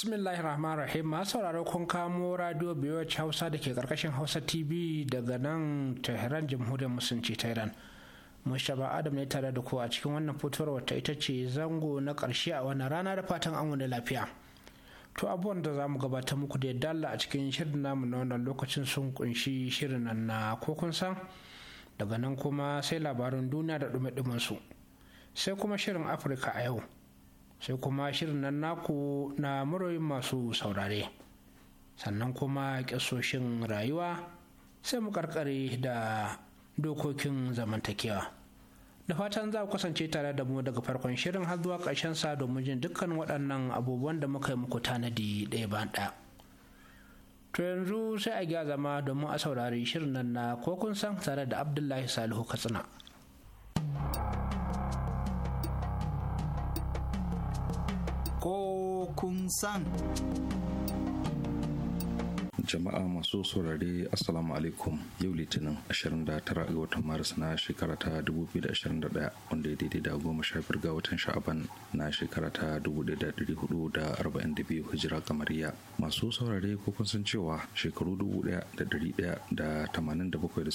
bismillahir rahmanir rahim ma sauraro kun kamo radio biyoci hausa da ke karkashin hausa tv daga nan tehran jamhuriyar musulunci ta iran mushaba adam ne tare da ku a cikin wannan fitowar wata ita ce zango na karshe a wannan rana da fatan an wani lafiya to abubuwan da za mu gabatar muku da yadda a cikin shirin namu na wannan lokacin sun kunshi shirin nan na ko kun san daga nan kuma sai labarin duniya da dume su sai kuma shirin afirka a yau sai kuma shirin nan naku na muryoyin masu saurare sannan kuma ƙasoshin rayuwa sai mu karkare da dokokin zamantakewa da fatan za ku kasance tare da mu daga farkon shirin har zuwa ƙarshen sa domin jin dukkan waɗannan abubuwan da muka yi muku tanadi ɗaya ba ɗaya to yanzu sai a gyara zama domin a saurari shirin nan na ko san tare da abdullahi salihu katsina kun san. jama'a masu saurare assalamu alaikum yau litinin 29 ga watan maris na shekara ta 2021 wanda ya daidai da goma sha biyar ga watan sha'aban na shekara ta 1442 hijira kamariya masu saurare ko kun san cewa shekaru 1187 da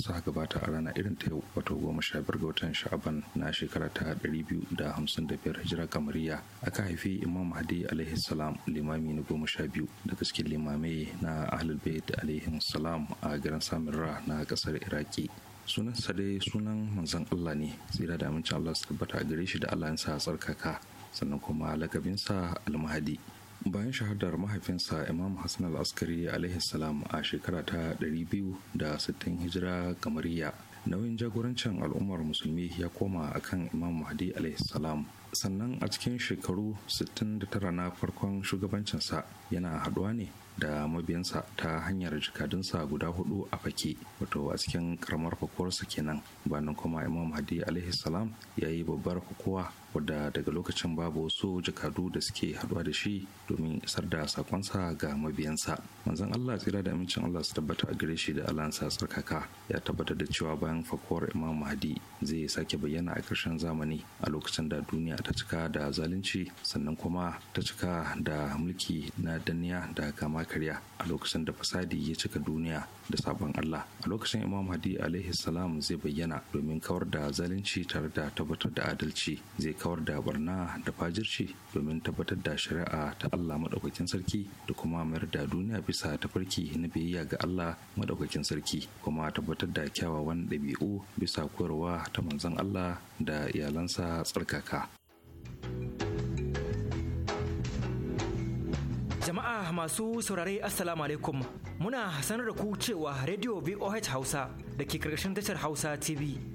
suka gabata a rana irin ta yau wato goma sha biyar ga watan sha'aban na shekara ta 255 hijira kamariya aka haifi imam hadi alaihi salam limami na goma sha biyu da gaske limamai na ahlul abid alaihim salam a garin ra na kasar iraki sunan sa dai sunan manzon allah ne tsira da amincin allah su tabbata gare shi da allah sa tsarkaka sannan kuma lakabinsa almahadi bayan shahadar mahaifinsa imam hassan al-askari alaihi salam a shekara ta 260 hijira kamariya nauyin jagorancin al'ummar musulmi ya koma a kan imam mahdi alaihi salam sannan a cikin shekaru 69 na farkon shugabancinsa yana haɗuwa ne da mabiyansa ta hanyar jikadunsa guda hudu a fake wato a cikin karamar fakuwarsa kenan bayan kuma imam hadi alaihi salam ya yi babbar fakuwa wadda daga lokacin babu wasu jakadu da suke haɗuwa da shi domin isar da sakonsa ga mabiyansa manzon Allah tsira da amincin Allah su tabbata a gare shi da alansa tsarkaka ya tabbatar da cewa bayan fakuwar Imam Mahdi zai sake bayyana a ƙarshen zamani a lokacin da duniya ta cika da zalunci sannan kuma ta cika da mulki na danniya da kama karya a lokacin da fasadi ya cika duniya da sabon Allah a lokacin Imam Mahdi alaihi salam zai bayyana domin kawar da zalunci tare da tabbatar da adalci zai kawar da barna da fajirci domin tabbatar da shari'a ta Allah Madaukakin sarki da kuma mayar da duniya bisa tafarki na biyayya ga Allah Madaukakin sarki kuma tabbatar da kyawawan ɗabi'u bisa koyarwa ta manzon Allah da iyalansa tsarkaka. Jama'a masu saurare Assalamu alaikum muna sanar da ku cewa Radio VOH Hausa da ke karkashin tashar Hausa TV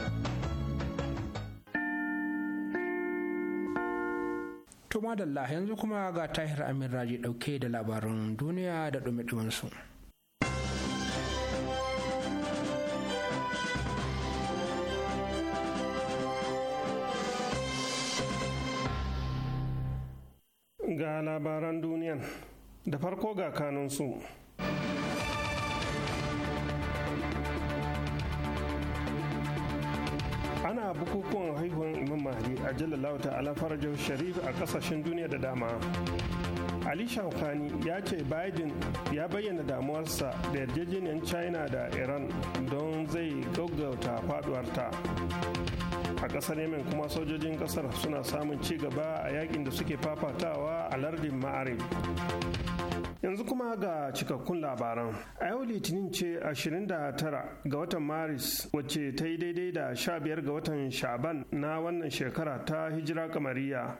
To madalla yanzu kuma ga Tahir Amin Raji dauke da labaran duniya da dumi-duminsu. Ga labaran duniyan da farko ga kanunsu. su. Allah jallallahu ta'ala farajin sharif a kasashen duniya da dama. Ali shamkani ya ce Biden ya bayyana damuwarsa da yarjejeniyar China da Iran don zai gaggauta faduwarta. A ƙasar Yemen kuma sojojin ƙasar suna samun ci gaba a yakin da suke fafatawa a lardin Ma'arib. yanzu kuma ga cikakkun labaran a yau litinin ce 29 ga watan maris wacce ta yi daidai da 15 ga watan shaban na wannan shekara ta hijira kamariya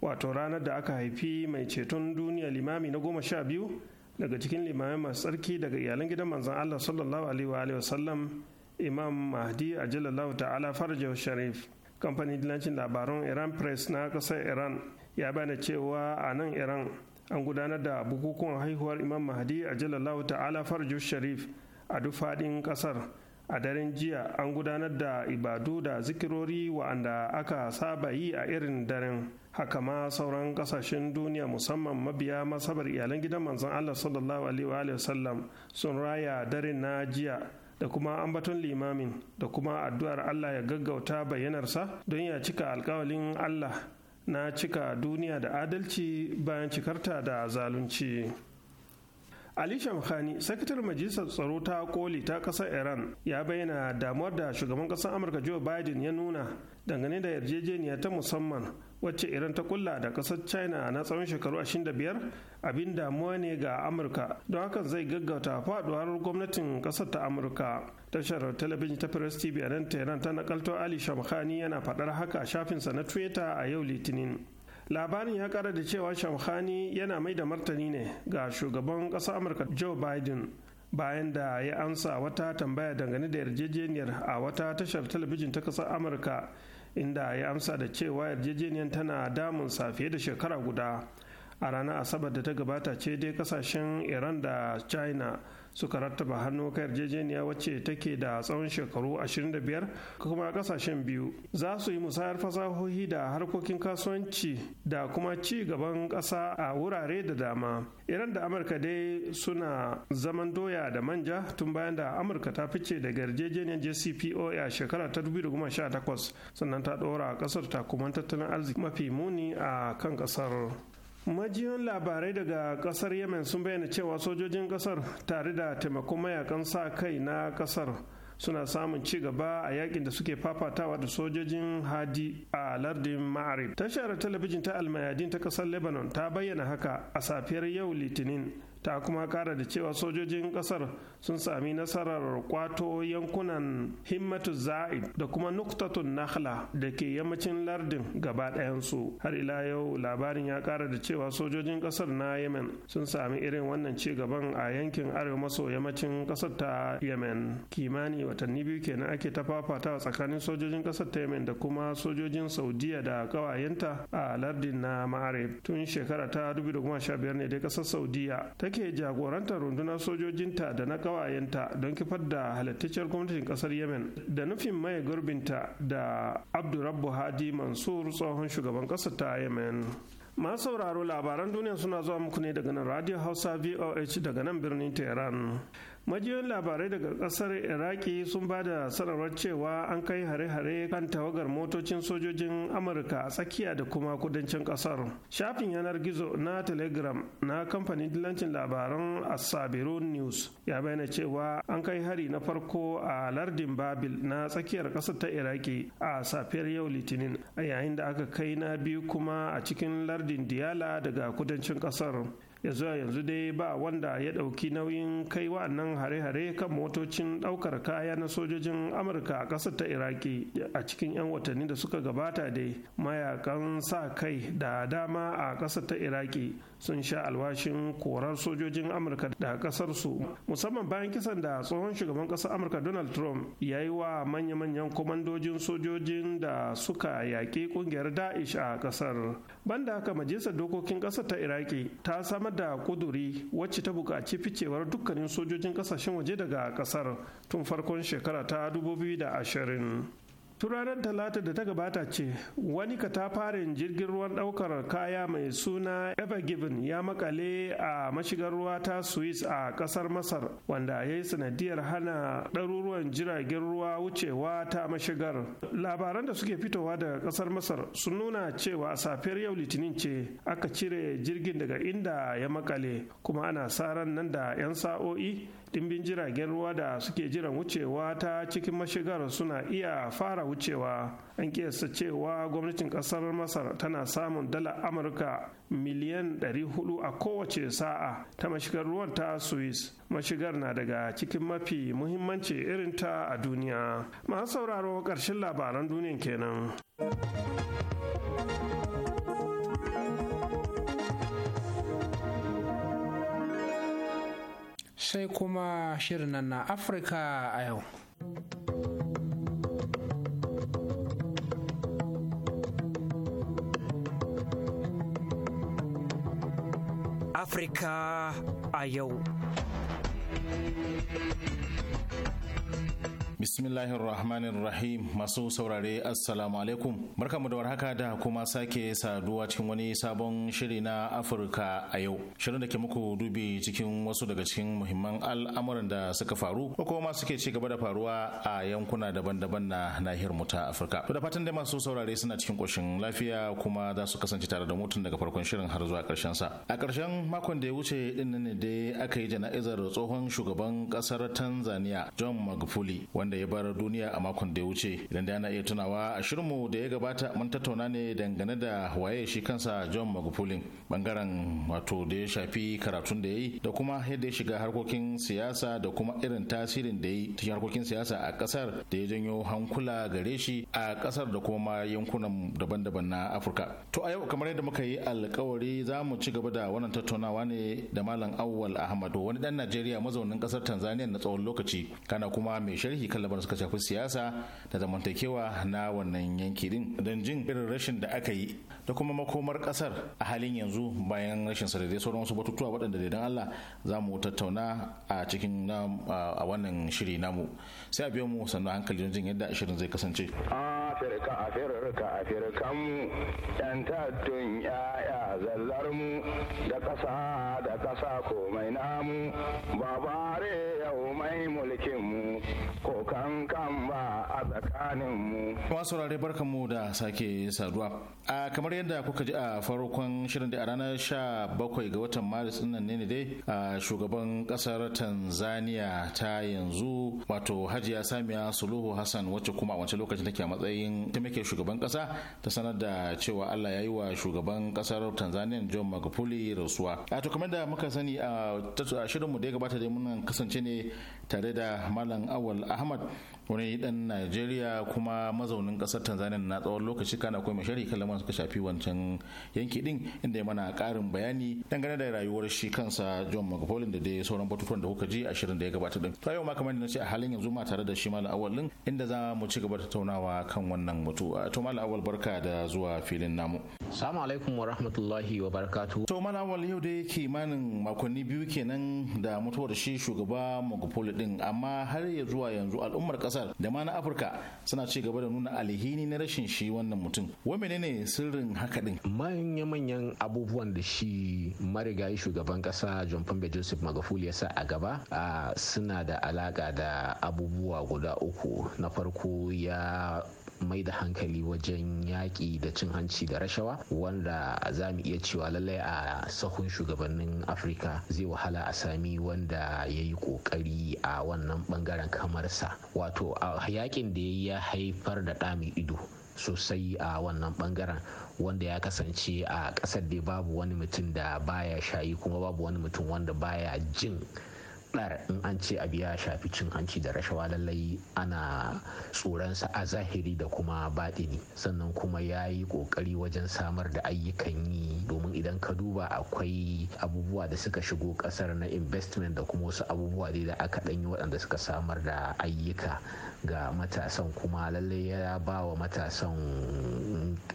wato ranar da aka haifi mai ceton duniya limami na goma sha biyu daga cikin limamai masu tsarki daga iyalan gidan manzan allah sallallahu alaihi wa sallam imam mahdi a ajalallahu ta'ala farajar sharif kamfanin dillancin labaran iran press na ƙasar iran ya bada cewa a nan iran an gudanar da bukukuwan haihuwar imam mahdi a jalallahu ta'ala farju sharif a duk faɗin ƙasar a daren jiya an gudanar da ibadu da zikirori wa'anda aka saba yi a irin daren haka ma sauran ƙasashen duniya musamman mabiya masabar iyalan gidan manzon Allah sallallahu alaihi wa sun raya daren na jiya da kuma ambaton limamin da kuma addu'ar Allah ya gaggauta bayyanarsa don ya cika alkawalin Allah na cika duniya da adalci bayan cikarta da zalunci. Ali Shamkhani, sakitar majalisar tsaro ta koli ta ƙasar Iran ya bayyana damuwar da shugaban ƙasar Amurka Joe Biden ya nuna dangane da yarjejeniya ta musamman wacce iran ta kulla da kasar china na tsawon shekaru 25 abin damuwa ne ga amurka don hakan zai gaggauta faduwar gwamnatin kasar ta amurka tashar talabijin ta press tv a nan tehran ta nakalto ali shamkhani yana faɗar haka a shafinsa na twitter a yau litinin labarin ya kara da cewa shamkhani yana mai da martani ne ga shugaban ƙasar amurka joe biden bayan da ya amsa wata tambaya dangane da yarjejeniyar a wata tashar talabijin ta kasar amurka inda ya amsa da cewa yarjejeniyar tana damun sa fiye da shekara guda a ranar asabar da ta gabata ce dai kasashen iran da china suka rattaba hannu ka yarjejeniya wacce take da tsawon shekaru 25 kuma kasashen biyu za su yi musayar fasahohi da harkokin kasuwanci da kuma ci gaban ƙasa a wurare da dama iran da amurka dai suna zaman doya da manja tun bayan da amurka ta fice daga yarjejeniyar jcpoa a shekara ta 2018 sannan ta ɗora ƙasar takuman tattalin arziki mafi muni a kan ƙasar majiyoyin labarai daga kasar yemen sun bayyana cewa sojojin kasar tare da taimakon mayakan sa kai na kasar suna samun ci gaba a yakin da suke fafatawa da sojojin hadi a lardin ma'arib tashar talabijin ta almayadin ta kasar lebanon ta bayyana haka a safiyar yau litinin ta kuma kara da cewa sojojin kasar sun sami nasarar kwato yankunan himmatu za'id da kuma nuktatun nahla da ke yammacin lardin gaba ɗayansu har ila yau labarin ya kara da cewa sojojin kasar na yemen sun sami irin wannan ci gaban a yankin arewa maso yammacin kasar ta yemen kimani watanni biyu kenan ake ta fafatawa tsakanin sojojin kasar ta yemen da kuma sojojin saudiya da kawayenta a lardin na ma'arib tun shekara ta 2015 ne dai kasar saudiya ta take jagorantar rundunar sojojinta da na kawayenta don kifar da halittacciyar gwamnatin kasar yemen da nufin maye gurbinta da abdurabbu hadi mansur tsohon shugaban ƙasar ta yemen masu sauraro labaran duniya suna zuwa muku ne daga nan radio hausa voh daga nan birnin tehran majiyoyin labarai daga kasar iraki sun ba da sanarwar cewa an kai hare-hare kan tawagar motocin sojojin amurka a tsakiya da kuma kudancin kasar shafin yanar gizo na telegram na kamfanin dillancin labaran asabiru news ya bayyana cewa an kai hari na farko a lardin babil na tsakiyar kasar ta iraki a safiyar yau litinin a yayin da aka kai na biyu kuma a cikin lardin diyala daga kudancin kasar ya zuwa yanzu dai ba wanda ya ɗauki nauyin kai wa'annan hare-hare kan motocin ɗaukar kaya na sojojin amurka a ƙasar ta iraki a cikin 'yan watanni da suka gabata dai mayakan sa kai da dama a ƙasar ta iraki sun sha alwashin korar sojojin amurka daga kasarsu musamman bayan kisan da tsohon shugaban kasar amurka donald trump ya yi wa manya-manyan kwamandojin sojojin da suka yaƙi kungiyar daesh a kasar banda haka majalisar dokokin kasar ta iraki ta samar da kuduri wacce ta buƙaci ficewar dukkanin sojojin kasashen waje daga kasar tun farkon shekara ta 2020 turaren talata da ta gabata ce wani katafaren jirgin ruwan daukar kaya mai suna ever given ya makale a mashigar ruwa ta swiss a kasar masar wanda ya yi sanadiyar hana ɗaruruwan jiragen ruwa wucewa ta mashigar labaran da suke fitowa daga kasar masar sun nuna cewa a safiyar yau litinin ce aka cire jirgin daga inda ya makale kuma ana saran nan da 'yan sa'o'i dimbin jiragen ruwa da suke jiran wucewa ta cikin mashigar suna iya fara wucewa an kiyasta cewa gwamnatin kasar masar tana samun dala amurka miliyan 400 a kowace sa'a ta mashigar ruwan ta swiss mashigar na daga cikin mafi muhimmanci irin ta a duniya masu sauraro karshen labaran duniya kenan sai kuma shirin na afirka a yau afirka a yau Bismillahir Rahmanir Rahim masu saurare Assalamu alaikum. Barkamu da warhaka da kuma sake saduwa cikin wani sabon shiri na Afirka a yau. Shirin da ke muku dubi cikin wasu daga cikin muhimman al'amuran da suka faru ko kuma suke ci gaba da faruwa a yankuna daban-daban na nahiyar mu ta Afirka. To da fatan dai masu saurare suna cikin koshin lafiya kuma za su kasance tare da mutun daga farkon shirin har zuwa karshen sa. A karshen makon da ya wuce din ne dai aka yi jana'izar tsohon shugaban kasar Tanzania John Magufuli. wanda ya bar duniya a makon da ya wuce idan da ana iya tunawa a shirinmu da ya gabata mun tattauna ne dangane da waye shi kansa john magufulin bangaren wato da ya shafi karatun da ya yi da kuma yadda ya shiga harkokin siyasa da kuma irin tasirin da ya yi cikin harkokin siyasa a kasar da ya janyo hankula gare shi a kasar da kuma yankunan daban-daban na afirka to a yau kamar yadda muka yi alkawari za mu ci gaba da wannan tattaunawa ne da malam awwal ahmad wani dan najeriya mazaunin kasar tanzania na tsawon lokaci kana kuma mai sharhi dukkan labarin suka shafi siyasa da zamantakewa na wannan yanki din don jin irin rashin da aka yi da kuma makomar kasar a halin yanzu bayan rashin sa da dai sauran wasu batutuwa waɗanda da dan Allah za mu tattauna a cikin a wannan shiri namu sai a biyo mu sannan hankali don jin yadda shirin zai kasance afirka afirka mu yan tattun ya'ya zallar mu da ƙasa da ƙasa komai namu baba mu. saurari saurare barkan mu da sake saduwa. A kamar yadda kuka ji a farkon shirin da a ranar sha bakwai ga watan Maris dinnan ne dai a shugaban kasar Tanzania ta yanzu wato Hajiya Samiya Suluhu Hassan wacce kuma a wancan lokacin take a matsayin muke shugaban kasa ta sanar da cewa Allah ya yi wa shugaban kasar Tanzania John Magufuli rasuwa. A to kamar da muka sani a shirin mu da ya gabata dai mun kasance ne tare da Malam Awal Ahmad wani dan najeriya kuma mazaunin kasar tanzania na tsawon lokaci kana kuma shari kalaman suka shafi wancan yanki din inda ya mana karin bayani dangane da rayuwar shi kansa john mcfaulin da dai sauran batutuwan da kuka ji ashirin da ya gabata din to yau ma kamar na ce a halin yanzu ma tare da shi malam awal din inda za mu ci gaba da tattaunawa kan wannan mutu to malam awal barka da zuwa filin namu assalamu alaikum wa rahmatullahi wa barkatu. to malam awal yau dai kimanin makonni biyu kenan da mutuwar shi shugaba mcfaulin din amma har ya zuwa yanzu al'ummar kasar da ma na afirka suna ci gaba da nuna alhini na rashin shi wannan mutum wa menene sirrin haka din manya-manyan abubuwan da shi marigayi shugaban kasa john pombe joseph magufuli ya sa a gaba suna da alaka da abubuwa guda uku na farko ya mai da hankali wajen yaƙi da cin hanci da rashawa wanda za mu iya cewa lallai a sahun shugabannin afirka zai wahala a sami wanda ya yi ƙoƙari a wannan ɓangaren kamarsa wato yaƙin da ya haifar da ɗa ido sosai a wannan ɓangaren, wanda ya kasance a ƙasar da babu wani mutum da baya shayi kuma babu wani mutum wanda baya jin ɗar in mm. an ce abu ya shafi cin hanci da rashawa lallai ana tsoronsa a zahiri da kuma baɗini sannan kuma ya yi ƙoƙari wajen samar da ayyukan yi domin idan ka duba akwai abubuwa da suka shigo ƙasar na investment da kuma wasu abubuwa dai da aka ɗanyi waɗanda suka samar da ayyuka ga matasan kuma lallai ya ba wa matasan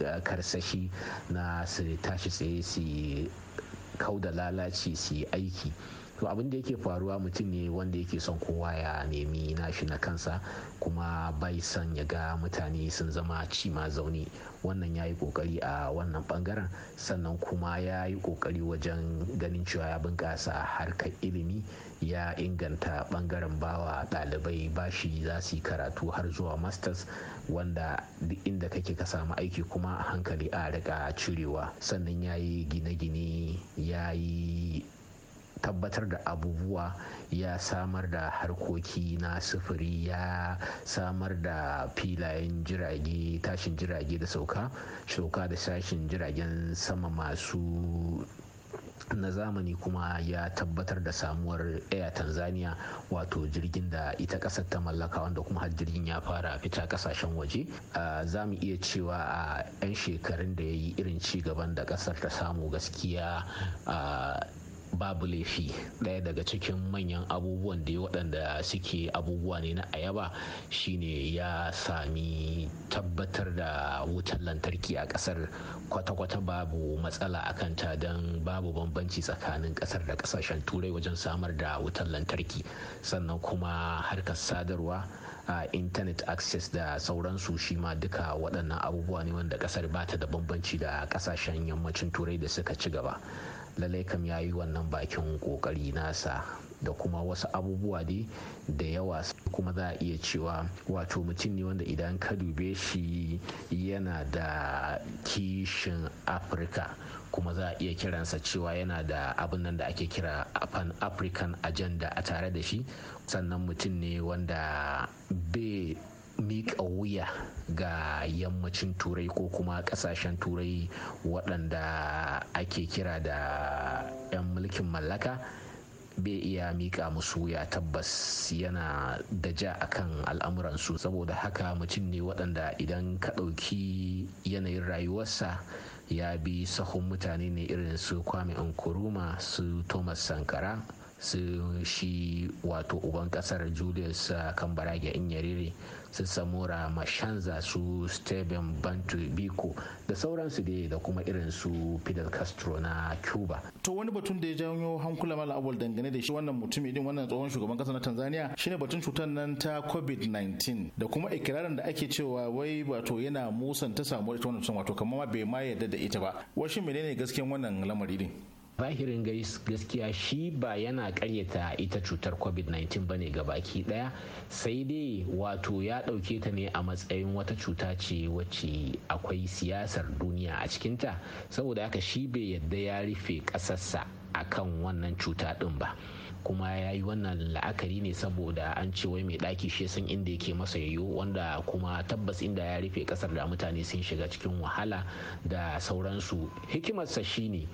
eh, karsashi na su tashi tsaye su kau da lalaci su yi aiki to abin da yake faruwa mutum ne wanda yake son kowa ya nemi nashi na kansa kuma bai son ya ga mutane sun zama ci ma zaune wannan ya yi kokari a wannan bangaren sannan kuma ya yi kokari wajen ganin cewa ya bunkasa harkar ilimi ya inganta bangaren bawa ɗalibai bashi za su yi karatu har zuwa masters wanda duk inda kake ka samu aiki kuma hankali a rika cirewa sannan ya yi gine-gine ya yi tabbatar da abubuwa ya samar da harkoki na sufuri ya samar da filayen jirage tashin jirage da sauka sauka da sashin jiragen sama masu na zamani kuma ya tabbatar da samuwar air tanzania wato jirgin da ita kasar ta mallaka wanda kuma har jirgin ya fara fita kasashen waje za mu iya cewa a 'yan shekarun da ya yi irin ci gaban da kasar ta samu gaskiya babu laifi ɗaya daga cikin manyan abubuwan da waɗanda suke abubuwa ne na ayaba shine ya sami tabbatar da wutar lantarki a ƙasar kwata-kwata babu matsala a kanta don babu bambanci tsakanin ƙasar da ƙasashen turai wajen samar da wutar lantarki sannan kuma harkar sadarwa a internet access da sauransu shi ma duka waɗannan abubuwa ne wanda ƙasar ba ta da bambanci da ƙasashen yammacin turai da suka ci gaba lalai kam ya yi wannan bakin kokari nasa da kuma wasu abubuwa dai da yawa kuma za a iya cewa wato mutum ne wanda idan ka dube shi yana da kishin afirka kuma za a iya kiransa cewa yana da abin nan da ake kira pan african agenda a tare da shi sannan mutum ne wanda bai miƙa wuya ga yammacin turai ko kuma ƙasashen turai waɗanda ake kira da 'yan mulkin mallaka bai iya miƙa musu wuya tabbas yana da ja a kan al'amuransu saboda haka mutum ne waɗanda idan ka ɗauki yanayin rayuwarsa ya bi sahun mutane ne irin su kwame nkuruma su thomas sankara su shi wato uban kasar julius eh, kambarage yariri su samura mashanza su stephen bantu biko da sauransu dai da kuma irin su fidel castro na cuba to wani batun da ya janyo hankula mala abul dangane da shi wannan mutum idin wannan tsohon shugaban kasa na tanzania shine batun cutar nan ta covid-19 da kuma ikirarin da ake cewa wai wato yana musanta samuwar ita wannan wato kamar bai ma yarda da ita ba washin menene gaskiyan wannan lamari din zahirin gaskiya shi ba yana karyata ita cutar covid-19 ba ne ga baki daya sai dai wato ya dauke ta ne a matsayin wata cuta ce wacce akwai siyasar duniya a cikinta saboda haka shi bai yadda ya rufe kasarsa a kan wannan cuta din ba kuma ya yi wannan la'akari ne saboda an ce wai mai ɗaki shi san inda yake masa yayo wanda kuma tabbas inda ya rufe kasar da mutane sun shiga cikin wahala da sauransu hikimarsa shine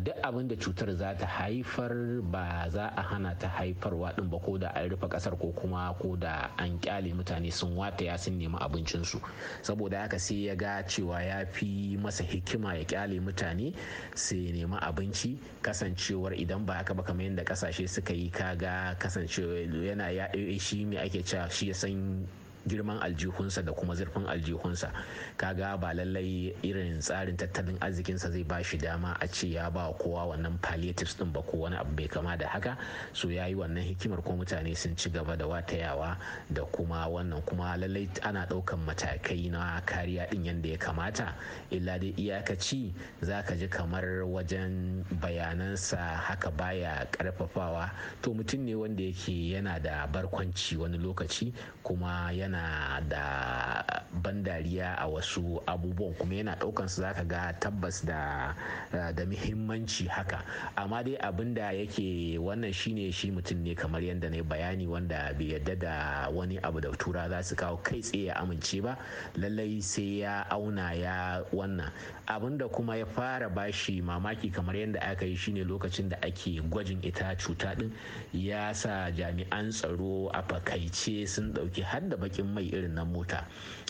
duk abin da cutar za ta haifar ba za a hana ta haifarwa din ba ko da an rufe kasar ko kuma ko da an kyale mutane sun wata ya sun nemi abincinsu saboda haka sai ya ga cewa ya fi masa hikima ya kyale mutane sai nemi abinci kasancewar idan ba haka ba kamar yadda kasashe suka yi kaga kasancewa yana ya shi me ake cewa shi ya san girman aljihunsa da kuma zurfin aljihunsa kaga ba lallai irin tsarin tattalin arzikinsa zai ba shi dama a ce ya ba kowa wannan palliatives din ba ko wani abu bai kama da haka so ya yi wannan hikimar ko mutane sun ci gaba da watayawa da kuma wannan kuma lallai ana daukan matakai na kariya din yadda ya kamata illa dai iyakaci za ka ji kamar wajen bayanansa haka baya karfafawa to mutum ne wanda yake yana da barkwanci wani lokaci kuma yana yana da ban dariya a wasu abubuwan kuma yana ɗaukan su zaka ga tabbas da da muhimmanci haka amma dai abin da yake wannan shine shi mutum ne kamar yadda na bayani wanda bai yadda da wani abu da tura za su kawo kai tsaye ya amince ba lallai sai ya auna ya wannan abin da kuma ya fara bashi mamaki kamar yadda aka yi shine lokacin da ake gwajin ita cuta din ya sa jami'an tsaro a fakaice sun ɗauki har da bakin mai irin na mota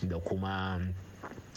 da kuma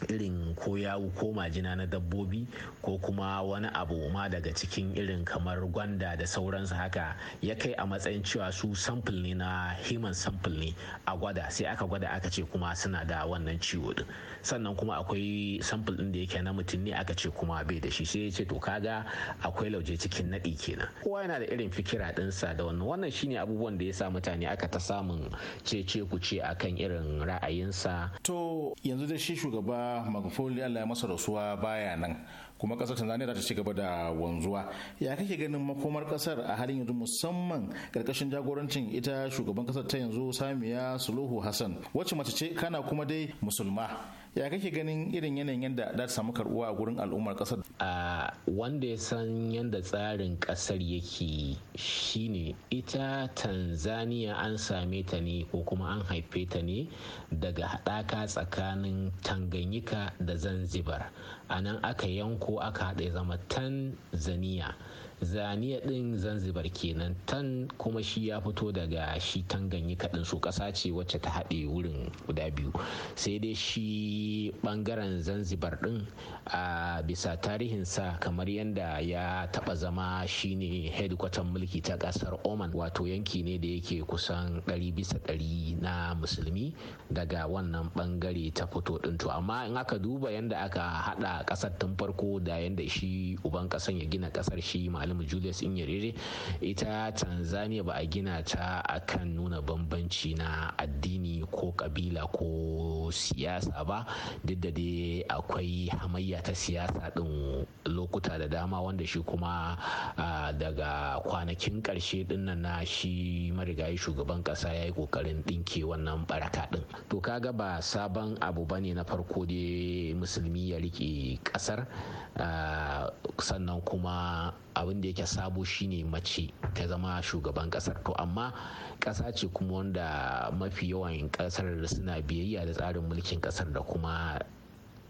irin ko yawu ko majina na dabbobi ko kuma wani abu ma daga cikin irin kamar gwanda da sauransu haka ya kai a matsayin cewa su samfil ne na human samfil ne a gwada sai aka gwada aka ce kuma suna da wannan ciwo din sannan kuma akwai samfil din da yake na mutum ne aka ce kuma bai da shi sai ya ce to kaga akwai lauje cikin naɗi kenan kowa yana da irin fikira ɗinsa da wannan wannan shine abubuwan da ya sa mutane aka ta samun ce ce ku ce akan irin ra'ayinsa to yanzu da shi shugaba cewa magufuli allah ya masa rasuwa baya nan kuma kasar tanzania ta ci gaba da wanzuwa ya kake ganin makomar kasar a halin yanzu musamman karkashin jagorancin ita shugaban kasar ta yanzu samiya suluhu hassan wacce mace ce kana kuma dai musulma ya kake ganin irin yanayin yadda za ta samu karbuwa a gurin al'ummar kasar a wanda ya san yadda tsarin kasar yake shine ita tanzania an same ta ne ko kuma an haife ta ne daga haɗaka tsakanin tanganyika da zanzibar a nan aka yanko aka haɗe zama tanzania zaniya din zanzibar kenan tan kuma shi ya fito daga shi tanganyika din su ƙasa ce wacce ta haɗe wurin guda biyu sai dai shi bangaren zanzibar din a bisa tarihinsa kamar yadda ya taɓa zama shine hedikwatan mulki ta ƙasar oman wato yanki ne da yake kusan ɗari bisa ɗari na musulmi daga wannan bangare ta fito din to amma in aka duba yadda aka haɗa ƙasar tun farko da yadda shi uban ƙasan ya gina ƙasar shi ma malamu Julius Inyerere ita Tanzania ba a gina ta akan nuna bambanci na addini ko kabila ko siyasa ba duk da dai akwai hamayya ta siyasa din lokuta da dama wanda shi kuma daga kwanakin karshe dinnan na shi marigayi shugaban kasa ya yi kokarin dinke wannan baraka din to kaga ba sabon abu ba ne na farko dai musulmi ya rike kasar sannan kuma abin da yake sabo shine mace ta zama shugaban kasar to amma kasa ce kuma wanda mafi yawan kasar suna biyayya da tsarin mulkin kasar da kuma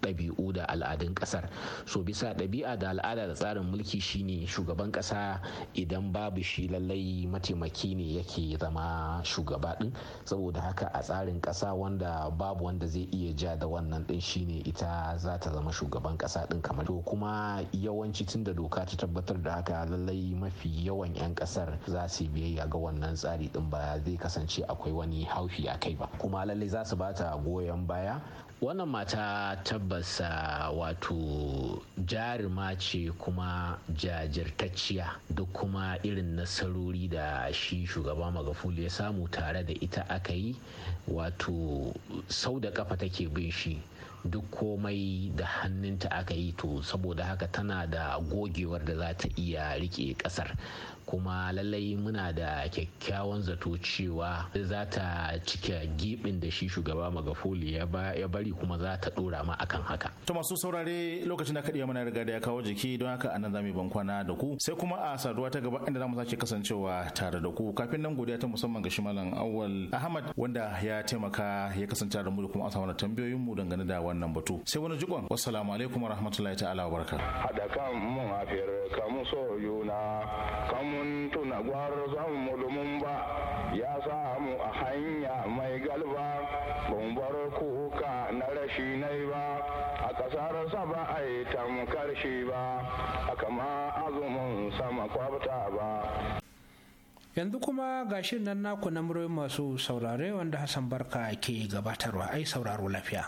ɗabi'u da al'adun ƙasar so bisa ɗabi'a da al'ada da tsarin mulki shine shugaban ƙasa idan babu shi lallai mataimaki ne yake zama shugaba ɗin saboda haka a tsarin ƙasa wanda babu wanda zai iya ja da wannan ɗin shine ita za ta zama shugaban ƙasa ɗin kamar to kuma yawanci tun da doka ta tabbatar da haka lallai mafi yawan 'yan ƙasar za su biyayya ga wannan tsari ɗin ba zai kasance akwai wani haufi a kai ba kuma lallai za su bata goyon baya wannan mata tabbas wato jarima ce kuma jajirtacciya duk kuma irin nasarori da shi shugaba magafuli ya samu tare da ita aka yi wato sau da kafa take bin shi duk komai da hannunta aka yi to saboda haka tana da gogewar da za ta iya rike kasar kuma lallai muna da kyakkyawan zato cewa za ta cike gibin da shi shugaba magafuli ya bari kuma za ta dora ma akan haka to masu saurare lokacin da kaɗiya mana riga da ya kawo jiki don haka anan zamu ban kwana da ku sai kuma a saduwa ta gaba inda zamu sake kasancewa tare da ku kafin nan godiya ta musamman ga shimalan awal ahmad wanda ya taimaka ya kasance da mu da kuma an samu tambayoyin mu dangane da wannan batu sai wani jikon wassalamu alaikum rahmatullahi ta'ala barka. haɗa kan mun hafiyar kamun so yuna kamun mun tuna gwarzon mu ba ya samu a hanya mai galba ban bar kuka na rashi nai ba a ƙasar saba a yi tamkar shi ba a kama azumin sama kwabta ba yanzu kuma gashin nan naku na masu saurare wanda hassan barka ke gabatarwa ai sauraro lafiya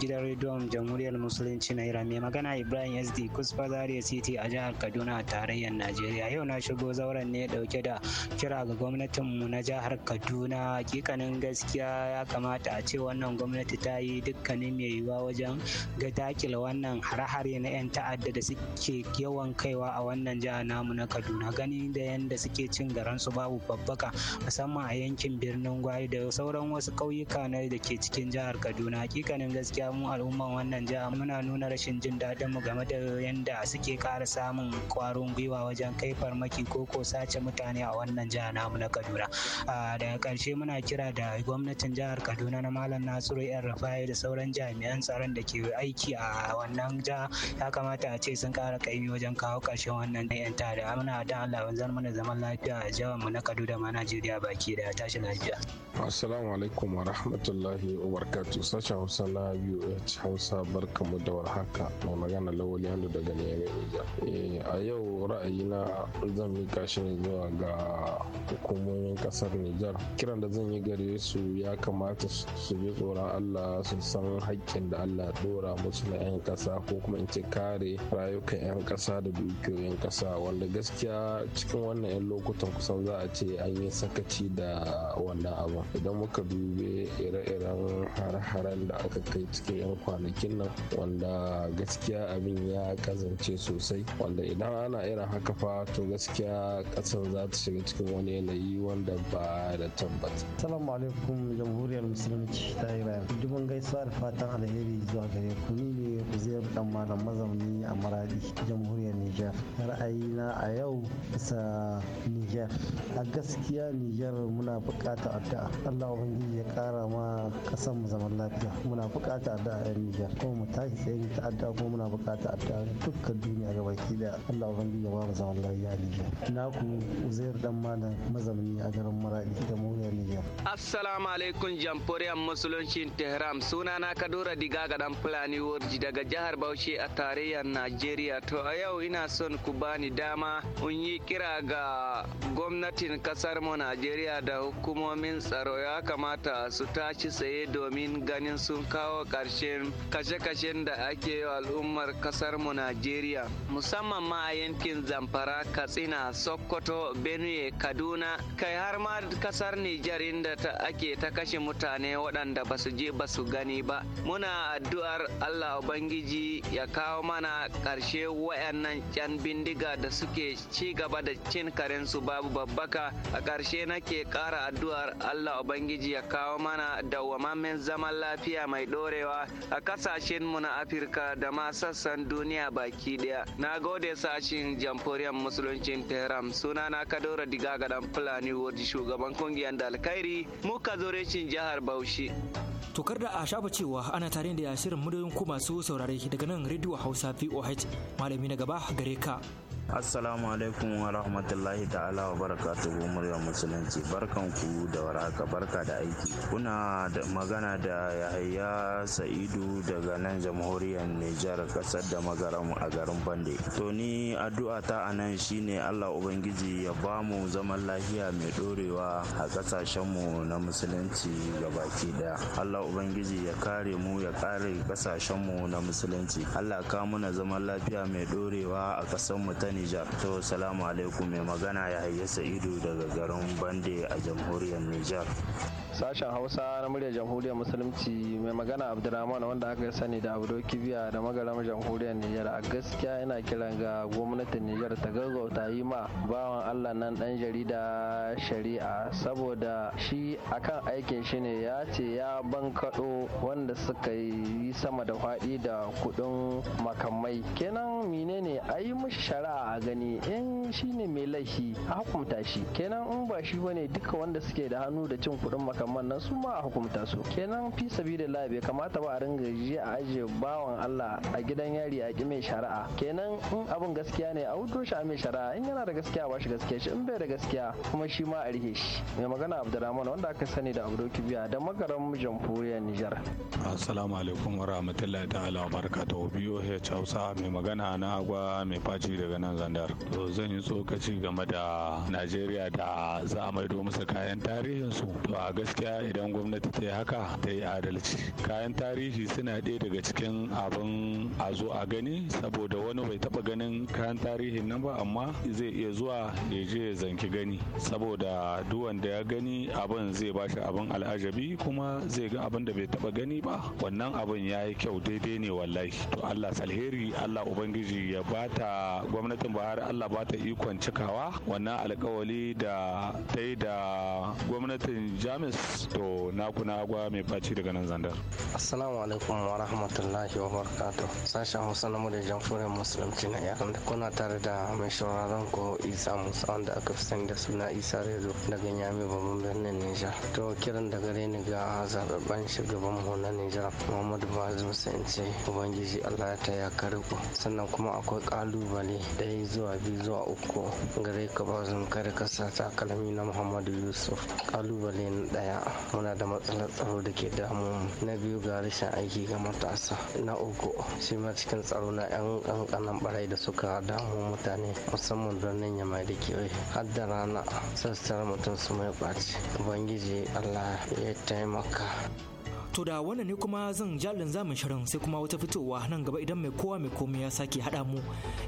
gidan rediyon jamhuriyar musulunci na iran mai magana ibrahim sd kusfa zaria city a jihar kaduna a tarayyar najeriya yau na shigo zauren ne dauke da kira ga gwamnatinmu na jihar kaduna hakikanin gaskiya ya kamata a ce wannan gwamnati ta yi dukkanin mai yiwuwa wajen ga dakila wannan hare-hare na 'yan ta'adda da suke yawan kaiwa a wannan jihar namu na kaduna gani da yadda suke cin garansu babu babbaka musamman a yankin birnin gwari da sauran wasu kauyuka na da ke cikin jihar kaduna hakikanin gaskiya gaskiya mu al'umman wannan jiha muna nuna rashin jin daɗin mu game da yadda suke ƙara samun ƙwarin gwiwa wajen kai farmaki ko ko sace mutane a wannan jiha namu na kaduna daga ƙarshe muna kira da gwamnatin jihar kaduna na malam nasiru yan rafai da sauran jami'an tsaron da ke aiki a wannan jiha ya kamata a ce sun ƙara kaimi wajen kawo ƙarshen wannan yan da muna da allah wanzar mana zaman lafiya a jihar mu na kaduna ma najeriya baki da tashi lafiya assalamu alaikum wa rahmatullahi wa barakatuh sashen hausa na biyu BOH Hausa barkamu da warhaka mai magana Lawali Hando daga Niamey. Eh, a yau ra'ayina zan mika shi ne zuwa ga hukumomin kasar Nijar. Kiran da zan yi gare su ya kamata su bi tsoron Allah su san haƙƙin da Allah dora musu na 'yan kasa ko kuma in ce kare rayukan 'yan kasa da dukiyoyin kasa wanda gaskiya cikin wannan 'yan lokutan kusan za a ce an yi sakaci da wannan abu. Idan muka dube ire-iren har-haren da aka kai cikin 'yan kwanakin nan wanda gaskiya abin ya kazance sosai wanda idan ana irin haka fa to gaskiya kasar za ta shiga cikin wani yanayi wanda ba da tabbata. Salamu alaikum jamhuriyar musulunci ta Iran. Dubin gaisuwa da fatan alheri zuwa gare ku ni ne Uzair dan malam mazauni a Maradi jamhuriyar Nijar. Ra'ayina a yau bisa Nijar. A gaskiya Nijar muna buƙatar addu'a. Allah ubangiji ya ƙara ma ƙasar mu zaman lafiya. Muna buƙatar bukata da a kuma mu tashi tsaye ta ta'adda, kuma muna bukata adda dukkan duniya ga baki da Allah ubangiji ya ba mu zaman lafiya a Nijar na ku Uzair dan malam mazamni a garin Maradi da Moriya Nijar Assalamu alaikum jamhuriyar musuluncin Tehran sunana Kadura Diga ga dan Fulani Warji daga jihar Bauchi a tarayyar Najeriya to a yau ina son ku bani dama kun yi kira ga gwamnatin kasar mu Najeriya da hukumomin tsaro ya kamata su tashi tsaye domin ganin sun kawo karshen kashe-kashen da ake yi al'ummar kasar mu Najeriya musamman ma a yankin Zamfara, Katsina, Sokoto, Benue, Kaduna, kai har ma kasar Nijar inda ta ake ta kashe mutane waɗanda ba su je ba su gani ba. Muna addu'ar Allah Ubangiji ya kawo mana ƙarshe wayannan yan bindiga da suke ci gaba da cin karensu babu babbaka a ƙarshe nake ƙara addu'ar Allah Ubangiji ya kawo mana dawwamammen zaman lafiya mai ɗore arewa a kasashen mu na afirka da ma sassan duniya baki daya na gode sashin jamhuriyar musuluncin tehran suna na kadora diga dan fulani wadi shugaban kungiyar da alkairi muka zo rashin jihar bauchi tokar da a shafa cewa ana tare da shirin madoyin ku masu saurare daga nan rediyo hausa voh malami na gaba gare ka assalamu alaikum wa rahmatullahi ta'ala wa barakatuhu murya musulunci barkan ku da waraka, barka da aiki kuna da magana da yahaya sa'idu daga nan jamhuriyar nijar kasar da magaram a garin bande to ni addu'a ta a nan shine allah ubangiji ya ba mu zaman lafiya mai dorewa a kasashen mu na musulunci gabaki daya allah ubangiji ya kare mu ya kare kasashen mu na musulunci allah ka muna zaman lafiya mai dorewa a kasar mu ta Niger. To salamu alaikum mai magana ya hayya Sa'idu daga garin Bande a jamhuriyar Niger. sashen hausa na muryar jamhuriyar musulunci mai magana abdulrahman wanda aka sani da abdo kibiya da magaram jamhuriyar nijar a gaskiya ina kiran ga gwamnatin nijar ta gaggauta yi ma bawan allah nan dan jarida shari'a saboda shi akan aikin shi ne ya ce ya bankaɗo wanda suka yi sama da faɗi da kuɗin makamai kenan menene a yi mushi shari'a a gani in ne mai laifi a hukunta shi kenan in ba shi bane duka wanda suke da hannu da cin kuɗin makamai kamar nan su ma a hukumta su kenan fi sabilillah bai kamata ba a ringa ji a ajiye bawan Allah a gidan yari a ki mai shari'a kenan in abun gaskiya ne a hudu shi a mai shari'a in yana da gaskiya ba shi gaskiya shi in bai da gaskiya kuma shi ma a rike shi mai magana Abdurrahman wanda aka sani da Abdul Kibiya da magaran jamhuriyar Nijar Assalamu alaikum wa rahmatullahi ta'ala wa barakatuhu he Hausa mai magana na agwa mai faci daga nan Zandar to zan yi tsokaci game da Najeriya da za a maido musu kayan tarihin su to a gaskiya idan gwamnati ta yi haka ta yi adalci kayan tarihi suna ɗaya daga cikin abin a zo a gani saboda wani bai taɓa ganin kayan tarihin nan ba amma zai iya zuwa ya je ya zanki gani saboda duwanda ya gani abin zai bashi abin al'ajabi kuma zai ga abin da bai taɓa gani ba wannan abin ya yi kyau daidai ne wallahi to allah salheri allah ubangiji ya bata gwamnatin buhari allah bata ikon cikawa wannan alkawali da ta yi da gwamnatin jamus to na kuna agwa mai faci daga nan zandar assalamu alaikum wa rahmatullahi wa barakatuh sashen hausa na da jamhuriyar musulunci na iran da kuna tare da mai shawararren ko isa musa wanda aka fi sani da suna isa rezo daga nyami babban birnin nijar to kiran da gare ni ga zababben shugaban mu na nijar muhammadu bazum sai ce ubangiji allah ya taya kare ku sannan kuma akwai kalubale ɗaya zuwa biyu zuwa uku gare ka bazum kare ka sa takalmi na muhammadu yusuf kalubale na ɗaya daya muna da matsalar tsaro da ke damu na biyu ga rashin aiki ga matasa na uku shi ma cikin tsaro na yan kankanan barai da suka damu mutane musamman don nan yamma da kewaye har da rana sassar mutum su mai ɓaci ubangiji allah ya taimaka To da wannan ne kuma zan jalin zamin shirin sai kuma wata fitowa nan gaba idan mai kowa mai komai ya sake haɗa mu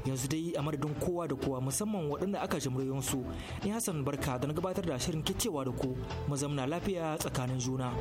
yanzu dai a madadin kowa da kowa musamman waɗanda aka jimriyon su ni Hassan Barka da na gabatar da shirin kicewa da ku mu zamna lafiya tsakanin juna.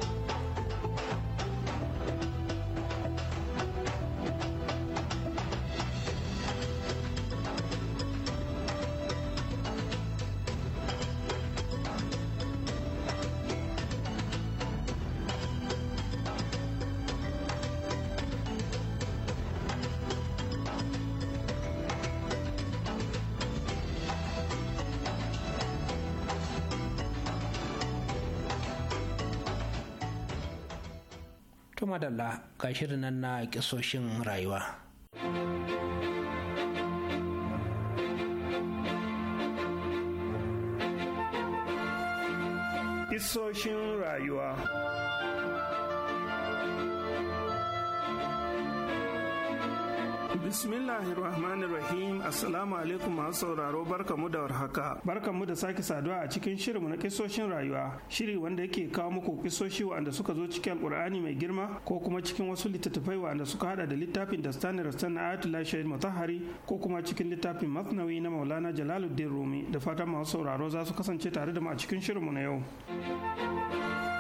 madalla ga shirin na kisoshin rayuwa. Kisoshin rayuwa. Bismillahirrahmanirrahim Assalamu alaikum masu sauraro barkamu da warhaka. Barkamu da sake saduwa a cikin shirinmu na kisoshin rayuwa. Shiri wanda yake kawo muku kisoshi wanda suka zo cikin Alkur'ani mai girma ko kuma cikin wasu littattafai wanda suka hada da littafin Dastani Rastan na Shahid Mutahari ko kuma cikin littafin Masnawi na Maulana Jalaluddin Rumi da fatan masu sauraro za su kasance tare da mu a cikin shirinmu na yau.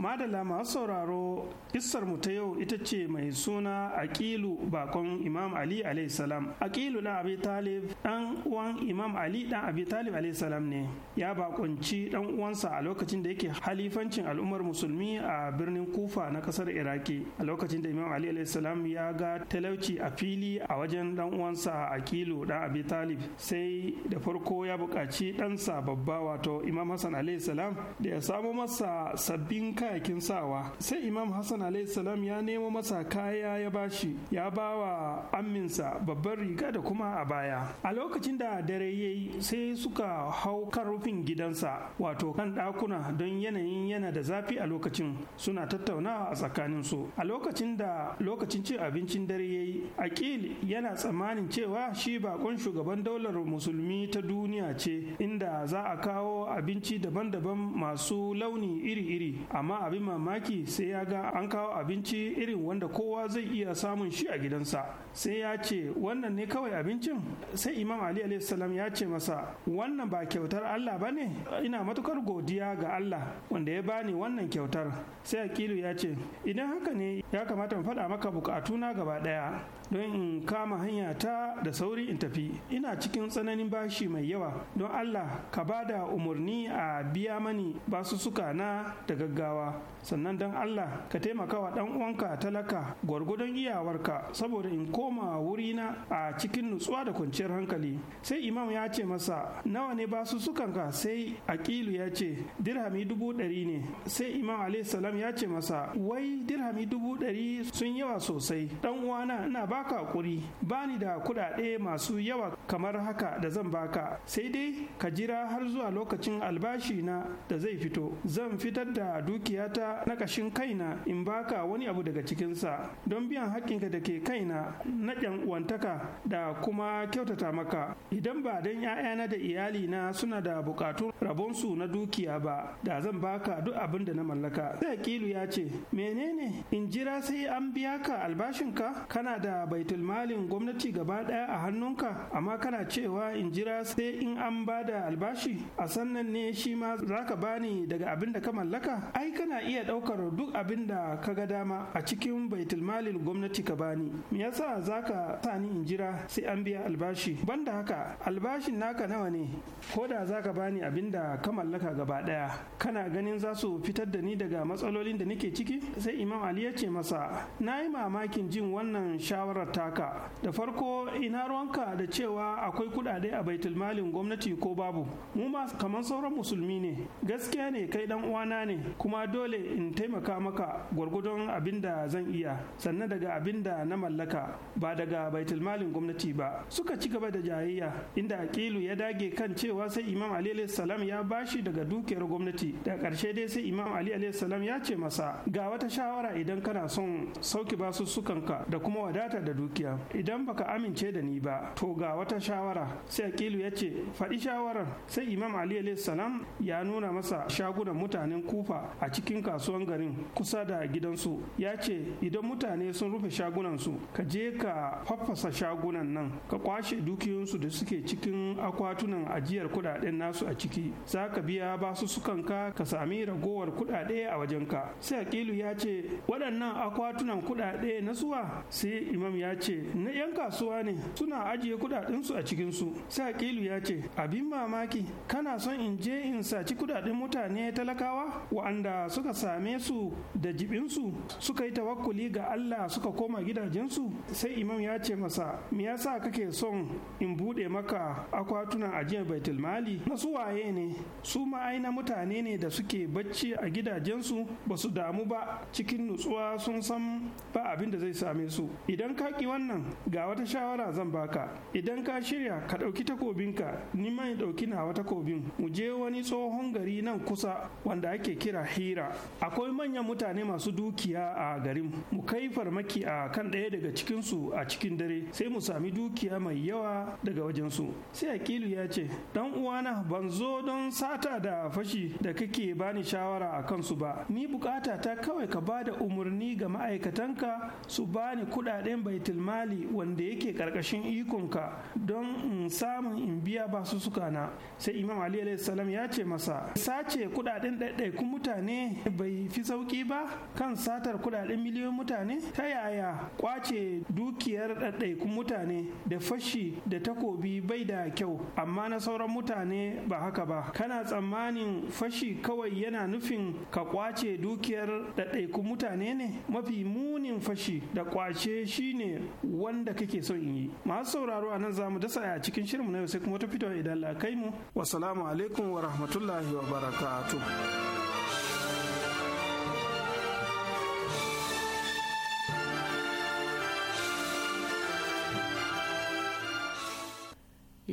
madala masu sauraro isar mu ta yau ita ce mai suna aqilu bakon imam ali alayhi salam aqilu na abi talib dan uwan imam ali dan abi talib alayhi salam ne ya bakonci dan uwansa a lokacin da yake halifancin al'ummar musulmi a birnin kufa na kasar iraki a lokacin da imam ali alayhi salam ya ga talauci a fili a wajen dan uwansa aqilu dan abi talib sai da farko ya buƙaci ɗansa babba wato imam hassan alayhi salam da ya samo masa sabbin kai kakin sawa sai imam hassan salam ya nemo masa kaya ya bashi ya bawa aminsa babbar riga da kuma a baya a lokacin da dare ya yi sai suka hau kan rufin gidansa wato kan ɗakuna don yanayin yana da zafi a lokacin suna tattaunawa a tsakanin su a lokacin da lokacin cin abincin dare ya yi akil yana tsammanin cewa shi bakon shugaban daular musulmi ta duniya ce inda za a kawo abinci daban-daban masu launi iri-iri amma abin mamaki sai ya ga an kawo abinci irin wanda kowa zai iya samun shi a gidansa sai ya ce wannan ne kawai abincin sai imam ali salam ya ce masa wannan ba kyautar allah ba ne ina matukar godiya ga allah wanda ya bani wannan kyautar sai akilu ya ce idan haka ne ya kamata in faɗa maka bukatuna gaba ɗaya don in kama hanya ta da sauri in tafi ina cikin tsananin bashi mai yawa don Allah ka ba da umarni a biya mani basussuka na da gaggawa sannan don Allah ka taimaka wa ɗan uwanka talaka gwargwadon iyawarka saboda in koma wurina a cikin nutsuwa da kwanciyar hankali sai imam ya ce masa nawa ne ka sai akilu ya ce dirhami dubu ɗari ne sai imam alaihi ya ce masa wai dirhami dubu ɗari sun yawa sosai dan uwana ina ba baka hakuri ni da kuɗaɗe masu yawa kamar haka da zan baka sai dai ka jira har zuwa lokacin albashi na da zai fito zan fitar da dukiyata na ƙashin kaina in baka wani abu daga cikinsa don biyan haƙƙinka da ke kaina na yan uwantaka da kuma kyautata maka idan ba don ‘ya'yana da iyalina suna da buƙatun rabonsu na dukiya ba da zan baka duk abin da na mallaka sai kilu ya ce menene in jira sai an biya ka albashinka kana da baitul malin gwamnati gaba daya a hannunka amma kana cewa in jira sai in an ba da albashi a sannan ne shi ma za zaka bani daga abin da ka mallaka ai kana iya daukar duk abin da ka ga dama a cikin baitul malin gwamnati ka bani me yasa zaka sa ni in jira sai an biya albashi banda haka albashin naka nawa ne ko da za zaka bani abin da ka mallaka gaba daya kana ganin za su fitar da ni daga matsalolin da nake ciki sai imam ali ya ce masa na yi mamakin jin wannan shawarar muhawarar taka da farko ina ruwanka da cewa akwai kudade a baitulmalin gwamnati ko babu mu ma kamar sauran musulmi ne gaskiya ne kai dan uwana ne kuma dole in taimaka maka gwargwadon abin da zan iya sannan daga abin da na mallaka ba daga baitulmalin gwamnati ba suka ci gaba da jayayya inda aqilu ya dage kan cewa sai imam ali salam ya bashi daga dukiyar gwamnati da karshe dai sai imam ali salam ya ce masa ga wata shawara idan kana son sauki basussukanka da kuma wadata da da dukiya idan baka amince da ni ba to ga wata shawara sai akilu ya ce faɗi shawarar sai imam ali salam ya nuna masa shagunan mutanen kufa a cikin kasuwan garin kusa da gidansu ya ce idan mutane sun rufe shagunansu ka je ka faffasa shagunan nan ka kwashe dukiyoyinsu da suke cikin akwatunan ajiyar kuɗaɗen nasu a ciki za ka biya basu sukanka ka sami ragowar kuɗaɗe a wajenka sai akilu ya ce waɗannan akwatunan kuɗaɗe na suwa sai imam imam ya ce na 'yan kasuwa ne suna ajiye kuɗaɗensu a cikinsu sai aqilu ya ce abin mamaki kana son in je in saci kudaden mutane talakawa wa'anda suka same su da jibinsu suka yi tawakkuli ga allah suka koma gidajensu sai imam ya ce masa me yasa kake son in bude maka akwatunan ajiyar baitul mali na su waye ne su ma'aina mutane ne da suke bacci a gidajensu ba su damu ba cikin nutsuwa sun san ba abin da zai same su idan kaki wannan ga wata shawara zan baka idan ka shirya ka ɗauki takobinka ni ma in ɗauki wata kobin. mu je wani tsohon gari nan kusa wanda ake kira hira akwai manyan mutane masu dukiya a garin mu kai farmaki a kan ɗaya daga cikin su a cikin dare sai mu sami dukiya mai yawa daga wajensu sai akilu ya ce dan uwana ban zo don sata da fashi da kake bani shawara a kansu ba ni bukata ta kawai ka ba da umarni ga ma'aikatanka su bani kuɗaɗen baitulmali wanda yake karkashin ikonka don in samun in biya basu suka na sai imam ali salam ya ce masa sace kudaden ɗaiɗaikun mutane bai fi sauki ba kan satar kudaden miliyoyin mutane ta yaya kwace dukiyar ɗaiɗaikun mutane da fashi da takobi bai da kyau amma na sauran mutane ba haka ba kana tsammanin fashi kawai yana nufin ka kwace dukiyar ɗaiɗaikun mutane ne mafi munin fashi da kwace shine ne wanda kake so in yi masu sauraro a nan zamu dasa a cikin shirinmu na yau sai kuma ta fito idan la kai mu wasalamu alaikum wa rahmatullahi wa barakatuh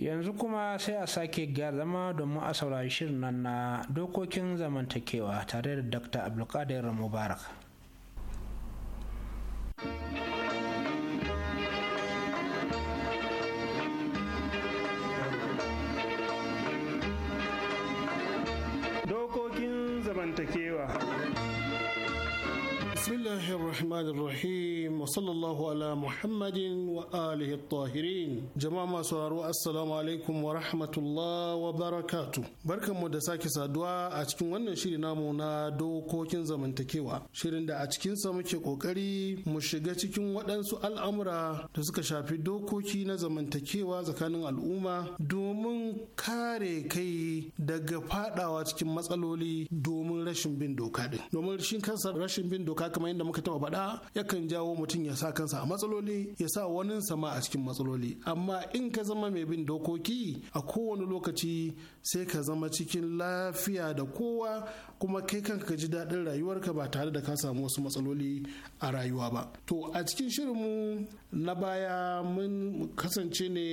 yanzu kuma sai a sake ga zama domin a saurari shirin nan na dokokin zamantakewa tare da dr abdulkadir mubarak bismillahi rahmanir muhammadin wa jama'a masu sauraro assalamu alaikum wa rahmatullah wa barakatu barkanmu da sake saduwa a cikin wannan shiri namu na dokokin zamantakewa shirin da a cikinsa muke ƙoƙari mu shiga cikin waɗansu al'amura da suka shafi dokoki na zamantakewa tsakanin al'umma domin kare kai daga fadawa cikin matsaloli domin rashin bin doka din rashin bin doka kamar yadda muka taba faɗa yakan jawo mutum ya sa kansa a matsaloli ya sa wani sama a cikin matsaloli amma in ka zama mai bin dokoki a kowane lokaci sai ka zama cikin lafiya da kowa kuma kai kanka ka ji daɗin rayuwarka ba tare da ka samu wasu matsaloli a rayuwa ba to a cikin shirinmu na baya mun kasance ne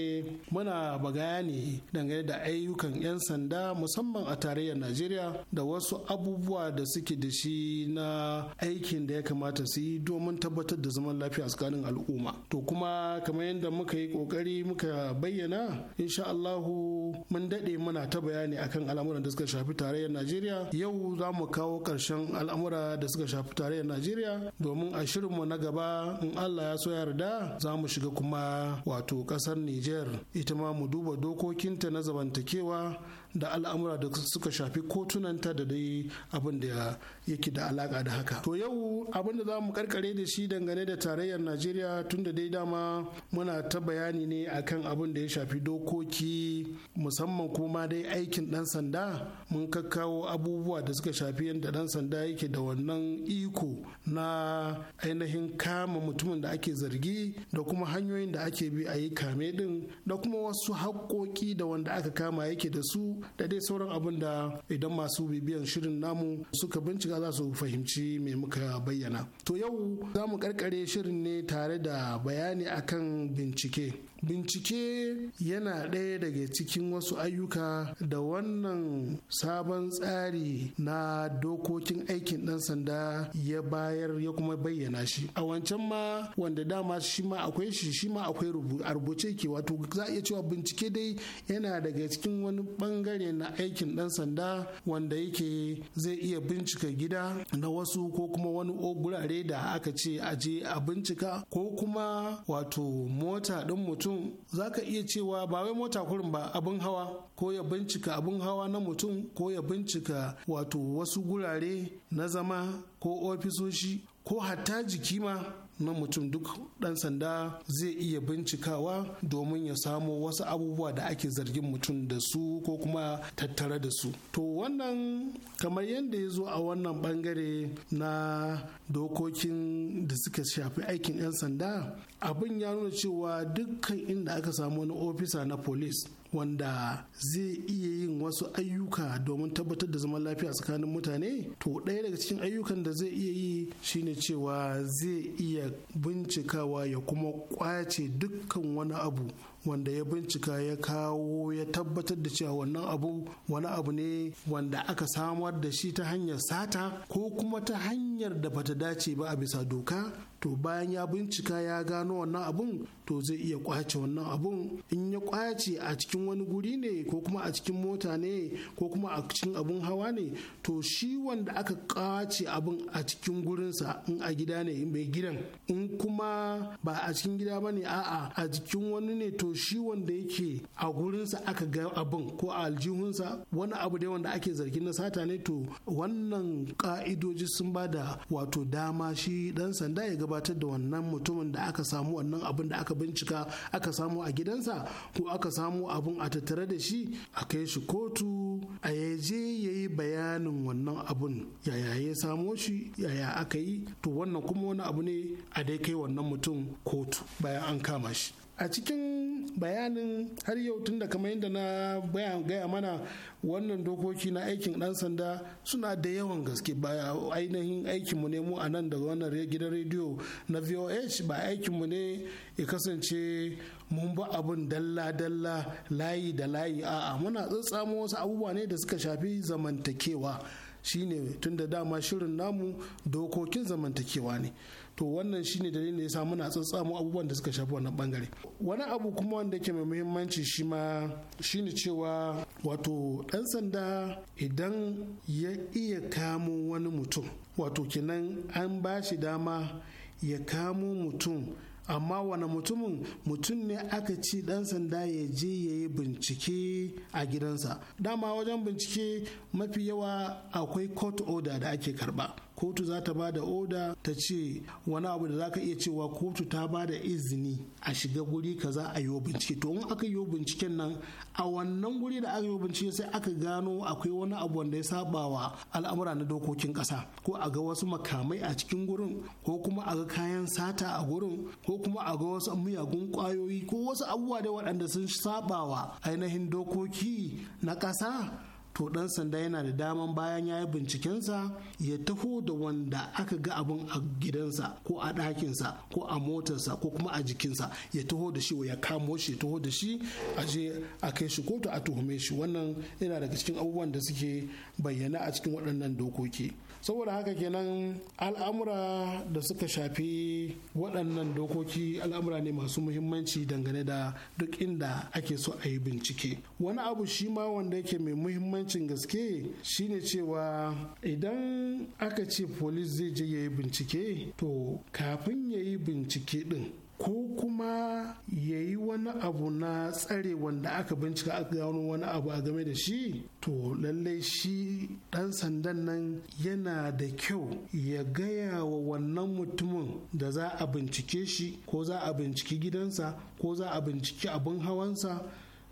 muna ne dangane da ayyukan 'yan sanda musamman a tarayyar najeriya da wasu abubuwa da suke da shi na aikin da ya kamata su yi domin tabbatar da zaman lafiya tsakanin al'umma to kuma kamar yadda muka yi kokari muka bayyana insha'Allahu mun daɗe muna ta bayani akan al'amuran da suka shafi tarayyar najeriya yau za mu kawo ƙarshen al'amura da suka shafi tarayyar Najeriya domin a shirinmu na gaba in Allah ya so yarda za mu shiga kuma wato ƙasar Nijar ita ma mu duba dokokinta na zamantakewa da al'amura da suka shafi kotunanta da dai abin da ya. yake da alaka da haka to yau abin da za mu karkare da shi dangane da tarayyar najeriya tun da dai dama muna ta bayani ne akan abin da ya shafi dokoki musamman kuma dai aikin dan sanda mun kakkawo abubuwa da suka shafi yadda dan sanda yake da wannan iko na ainihin kama mutumin da ake zargi da kuma hanyoyin da ake bi a yi kame din da kuma wasu haƙoƙi da wanda aka kama yake da su da dai sauran abin da idan masu bibiyan shirin namu suka bincika hakika za su fahimci me muka bayyana to yau za mu karkare shirin ne tare da bayani akan bincike bincike yana ɗaya daga cikin wasu ayyuka da wannan sabon tsari na dokokin aikin ɗan sanda ya bayar ya kuma bayyana shi a wancan ma wanda dama shi ma akwai shi shi ma akwai rubuce ke wato za a iya cewa bincike dai yana daga cikin wani bangare na aikin ɗan sanda wanda yake zai iya bincika gida na wasu ko kuma wani gurare da aka ce a je a bincika ko kuma wato mota ɗin mutum za ka iya cewa ba wai mota kurin ba abin hawa ko ya bincika abin hawa na mutum ko ya bincika wato wasu gurare na zama ko ofisoshi ko hatta jiki ma na mutum duk dan sanda zai iya bincikawa domin ya samo wasu abubuwa da ake zargin mutum da su ko kuma tattara da su to wannan kamar yadda ya zo a wannan bangare na dokokin da suka shafi aikin 'yan sanda abin ya nuna cewa dukkan inda aka samu wani ofisa na police wanda zai iya yin wasu ayyuka domin tabbatar da zaman lafiya tsakanin mutane to ɗaya daga cikin ayyukan da zai iya yi shine cewa zai iya bincikawa ya kuma kwace dukkan wani abu wanda ya bincika ya kawo ya tabbatar da cewa wannan abu wani abu ne wanda aka samar da shi ta hanyar sata ko kuma ta hanyar da bata dace ba a bisa doka to bayan ya bincika ya gano wannan abun to zai iya kwace wannan abun in ya kwace a cikin wani guri ne ko kuma a cikin mota ne ko kuma a cikin abun hawa ne to shi wanda aka kwace abun a cikin gurinsa in a gida ne in bai gidan in kuma ba a cikin gida ba ne a'a a jikin wani ne to shi wanda yake a gurinsa aka ga abun ko a aljihunsa wani abu dai wanda ake zargin na sata ne to wannan ka'idoji sun ba da wato dama shi dan sanda ya gaba gabatar da wannan mutumin da aka samu wannan abin da aka bincika aka samu a gidansa ko aka samu abin a tattare da shi a kai shi kotu a yaje ya yi bayanin wannan abin yaya ya samo shi yaya aka yi to wannan kuma wani abu ne a dai kai wannan mutum kotu bayan an kama shi a cikin bayanin har yau tun da kamar yadda na bayan gaya mana wannan dokoki na aikin dan sanda suna da yawan gaske ba ainihin aikin mu ne mu a nan daga wannan gidan rediyo na VOH ba aikin mu ne ya kasance mun ba abun dalla dalla layi da layi a'a muna tsatsamo wasu abubuwa ne da suka shafi zamantakewa shine tun da dama shirin namu dokokin zamantakewa ne to wannan shine dalilin da ya sa muna tsatsamu abubuwan da suka shafi wannan bangare wani abu kuma wanda ke mai muhimmanci shi ma shine cewa wato dan sanda idan ya iya kamo wani mutum wato kenan an ba shi dama ya kamo mutum amma wani mutumin mutum ne aka ci dan sanda ya je ya yi bincike a gidansa dama wajen bincike mafi yawa akwai court order da ake karba kotu za ta ba da oda ta ce wani abu da za ka iya cewa kotu ta ba da izini a shiga guri kaza a yi bincike to in aka yi binciken nan a wannan guri da aka yi bincike sai aka gano akwai wani abu wanda ya saba wa al'amura na dokokin kasa ko a ga wasu makamai a cikin gurin ko kuma a ga kayan sata a gurin ko kuma a ga wasu miyagun kwayoyi ko wasu abubuwa da waɗanda sun saba wa ainihin dokoki na ƙasa to dan sanda yana da daman bayan ya yi bincikensa ya taho da wanda aka ga abin a gidansa ko a ɗakinsa ko a motarsa ko kuma a jikinsa ya taho da shi ya kamo shi ya taho da shi a je a kai shi kotu a tuhume shi wannan yana daga cikin abubuwan da suke bayyana a cikin waɗannan dokoki saboda haka kenan al'amura da suka shafi waɗannan dokoki al'amura ne masu muhimmanci dangane da duk inda ake so a yi bincike wani abu shi ma wanda yake mai muhimmancin gaske shine cewa idan aka ce polis zai je ya yi bincike to kafin ya yi bincike din ko kuma ya yi wani abu na tsare wanda aka bincika aka gano wani abu a game da shi to lallai shi ɗan sandan nan yana da kyau ya gaya wa wannan mutumin da za a bincike shi ko za a binciki gidansa ko za a binciki abin hawansa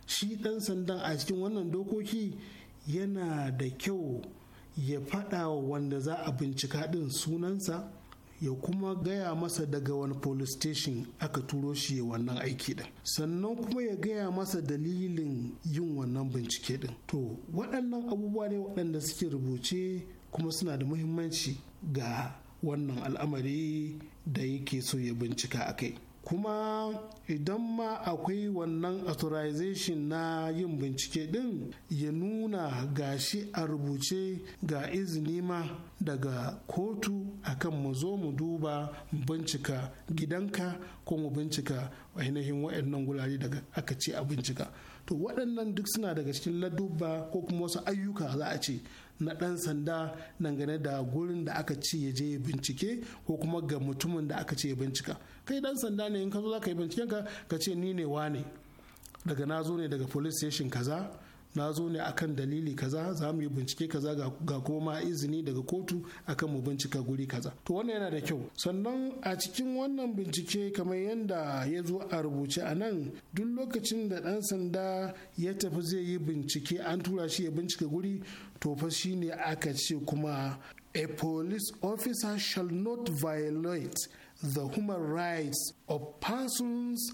shi ɗan sandan a cikin wannan dokoki yana da kyau ya faɗa wa wanda za a bincika ɗin sunansa ya kuma gaya masa daga wani police station aka turo shi ya wannan aiki din sannan kuma ya gaya masa dalilin yin wannan bincike din to waɗannan abubuwa ne waɗanda suke rubuce kuma suna da muhimmanci ga wannan al'amari da yake so ya bincika a kai kuma idan ma akwai wannan authorization na yin bincike din ya nuna ga shi a rubuce ga izini ma daga kotu akan mu zo mu duba bincika gidanka ko mu bincika ainihin waannan gulare daga aka ce a bincika to waɗannan duk suna daga cikin ladubba ko kuma wasu ayyuka za a ce na ɗan sanda dangane da gurin da aka ce ya je bincike ko kuma ga mutumin da aka ce ya bincika kai ɗan sanda ne in ka zo za ka yi binciken ka ka ce ni ne wane daga na zo ne daga police station kaza na zo ne akan dalili kaza za mu yi bincike kaza ga kuma izini daga kotu akan mu bincika guri kaza to wannan yana da kyau sannan a cikin wannan bincike kamar yadda ya zo a rubuce a nan duk lokacin da ɗan sanda ya tafi zai yi bincike an tura shi ya bincika guri to fa shine aka ce kuma a police officer shall not violate the human rights of persons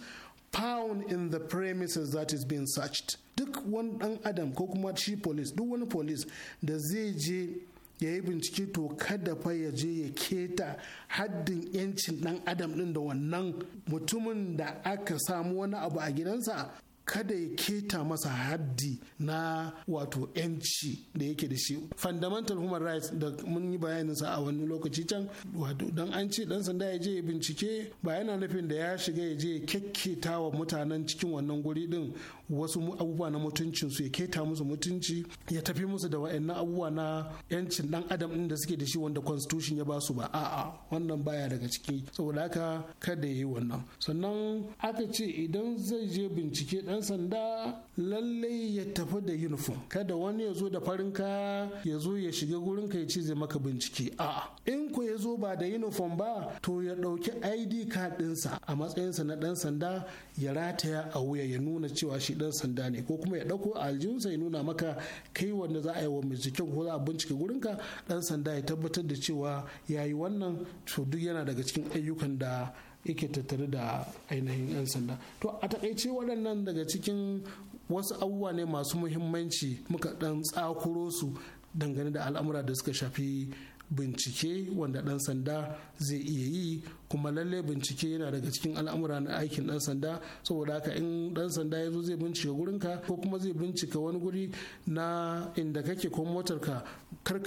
found in the premises that is being searched duk wani dan adam ko kuma shi police duk wani police da zai je ya yi bincike to kada fa ya je ya keta haddin yancin dan adam din da wannan mutumin da aka samu wani abu a gidansa kada ya keta masa haddi na wato yanci da yake da shi fundamental human rights da mun yi bayaninsa a wani lokaci can wato dan an ce dan sanda ya je ya bincike ba yana nufin da ya shiga ya je ya kyakketa wa mutanen cikin wannan guri din wasu abubuwa na mutuncin su ya keta musu mutunci ya tafi musu da wa'annan abubuwa na yancin dan adam din da suke da shi wanda constitution ya basu ba a'a wannan baya daga ciki saboda haka kada ya wannan sannan aka ce idan zai je bincike dan sanda lallai ya tafi da uniform kada wani ya zo da farin ka ya zo ya shiga gurin ka ya ce zai maka bincike a'a in ko ya zo ba da uniform ba to ya ɗauki id card ɗinsa a matsayinsa na ɗan sanda ya rataya a wuya ya nuna cewa shi dan sanda ne ko kuma ya dauko aljihunsa ya nuna maka kai wanda za a yi wa binciken ko za a bincike gurinka dan sanda ya tabbatar da cewa ya yi wannan to duk yana daga cikin ayyukan da yake tattare da ainihin 'yan sanda to a takaice waɗannan daga cikin wasu abubuwa ne masu muhimmanci muka ɗan tsakuro su dangane da al'amura da suka shafi bincike wanda ɗan sanda zai iya yi kuma lalle bincike yana daga cikin al'amura na aikin ɗan sanda saboda haka in ɗan sanda ya zo zai bincika gurinka ko kuma zai bincika wani guri na inda kake ko motarka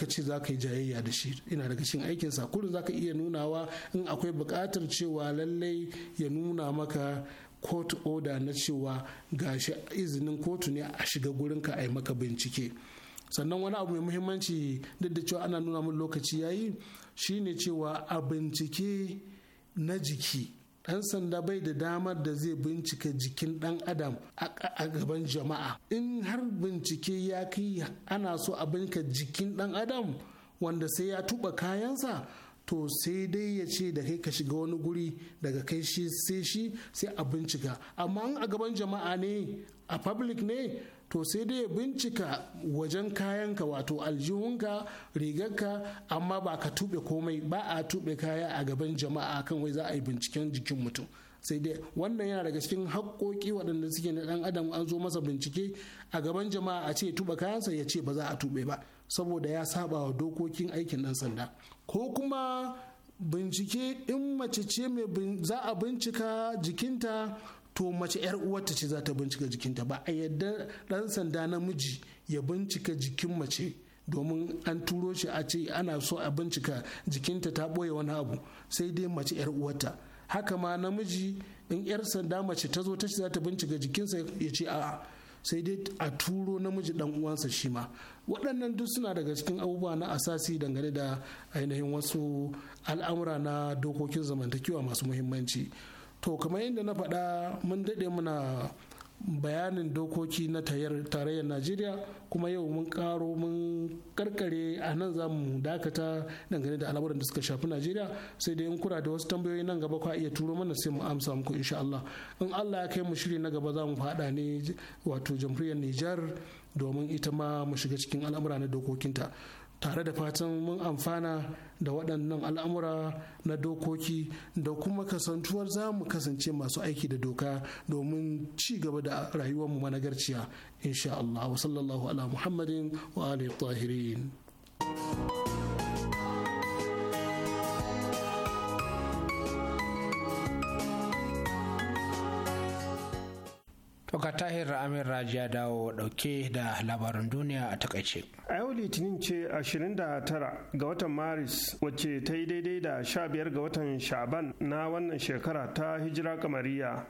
ce za ka yi jayayya da shi ina daga cikin aikin sa kullum za ka iya nunawa in akwai buƙatar cewa lallai ya nuna maka court order na cewa gashi izinin kotu ne a shiga gurinka a yi maka bincike sannan wani abu mai muhimmanci duk da cewa ana nuna mun lokaci yayi shine cewa a bincike na jiki ɗan sanda bai da damar da zai bincika jikin ɗan adam a gaban jama'a in har bincike ya kai ana so a bincika jikin ɗan adam wanda sai ya tuba kayansa to sai dai ya ce da kai ka shiga wani guri daga kai shi sai shi sai a bincika amma a gaban jama'a ne a public ne to sai dai bincika wajen kayanka wato aljihunka rigarka amma ba ka tuɓe komai ba a tuɓe kaya a gaban jama'a kan wai za a yi binciken jikin mutum sai dai wannan yana daga cikin haƙƙoƙi waɗanda suke na ɗan adam an zo masa bincike a gaban jama'a a ce tuɓa kayansa ya ce ba za a tuɓe ba saboda ya saba wa dokokin aikin ɗan sanda ko kuma bincike in mace ce mai za a bincika jikinta to mace yar uwarta ce za ta bincika jikinta ba a yadda ɗan sanda namiji ya bincika jikin mace domin an turo shi a ce ana so a bincika jikinta ta ɓoye wani abu sai dai mace yar uwarta haka ma namiji in yar sanda mace ta zo ta ce za ta bincika jikinsa ya ce a, sai dai a turo namiji dan uwansa shi ma waɗannan duk suna daga cikin abubuwa na asasi dangane da ainihin wasu al'amura na dokokin zamantakewa masu muhimmanci to kamar inda na faɗa mun daɗe muna bayanin dokoki na tarayyar najeriya kuma yau mun karo mun karkare a nan za mu dakata dangane da al'amuran da suka shafi najeriya sai dai in kura da wasu tambayoyi nan gaba kwa iya turo mana sai mu amsa muku insha Allah in Allah ya kai mu shiri na gaba za mu faɗa ne wato jamhuriyar Nijar domin ita ma mu shiga cikin al'amura na dokokinta tare da fatan mun amfana da waɗannan al'amura na dokoki da kuma kasantuwar za mu kasance masu aiki da doka domin ci gaba da rayuwarmu managarciya insha Allah wa sallallahu ala muhammadin wa alihi tahirin Toka Tahir tahir Amir ya dawo dauke da labarin duniya a takaice. A yau Litinin ce 29 ga watan Maris wacce ta yi daidai da 15 ga watan Shaban na wannan shekara ta hijira kamariya.